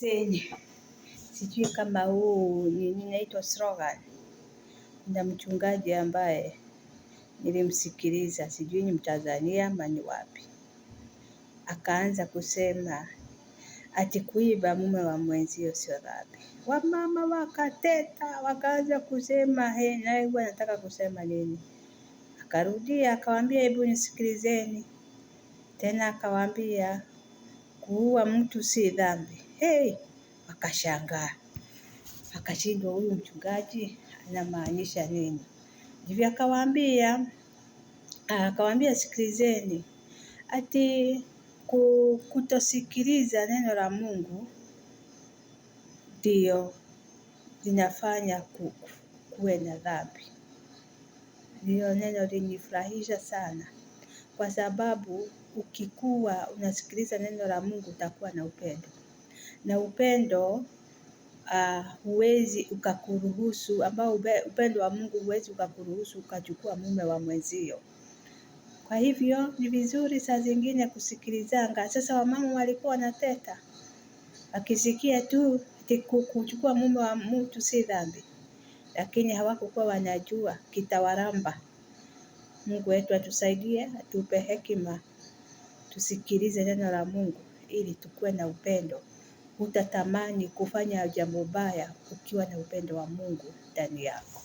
Sijui sijui kama huu ninaitwa Sroga na mchungaji ambaye nilimsikiliza, sijui ni Mtanzania ama ni wapi, akaanza kusema ati kuiba mume wa mwenzio sio dhambi. Wamama wakateta, wakaanza kusema hey, naye bwana anataka kusema nini? Akarudia akawaambia, hebu nisikilizeni tena, akawaambia kuua mtu si dhambi hey, wakashangaa, akashindwa huyu mchungaji anamaanisha nini? Ndivyo akawaambia, akawaambia sikilizeni, ati kutosikiliza neno la Mungu ndio linafanya kuwe na dhambi. Hiyo neno linifurahisha sana, kwa sababu ukikuwa unasikiliza neno la Mungu utakuwa na upendo na upendo uh, huwezi ukakuruhusu ambao upendo wa Mungu huwezi ukakuruhusu ukachukua mume wa mwenzio. Kwa hivyo ni vizuri saa zingine kusikilizanga. Sasa wamama walikuwa wanateta, wakisikia tu kuchukua mume wa mtu si dhambi, lakini hawakokuwa wanajua kitawaramba. Mungu wetu atusaidie, atupe hekima, tusikilize neno la Mungu ili tukue na upendo hutatamani kufanya jambo baya ukiwa na upendo wa Mungu ndani yako.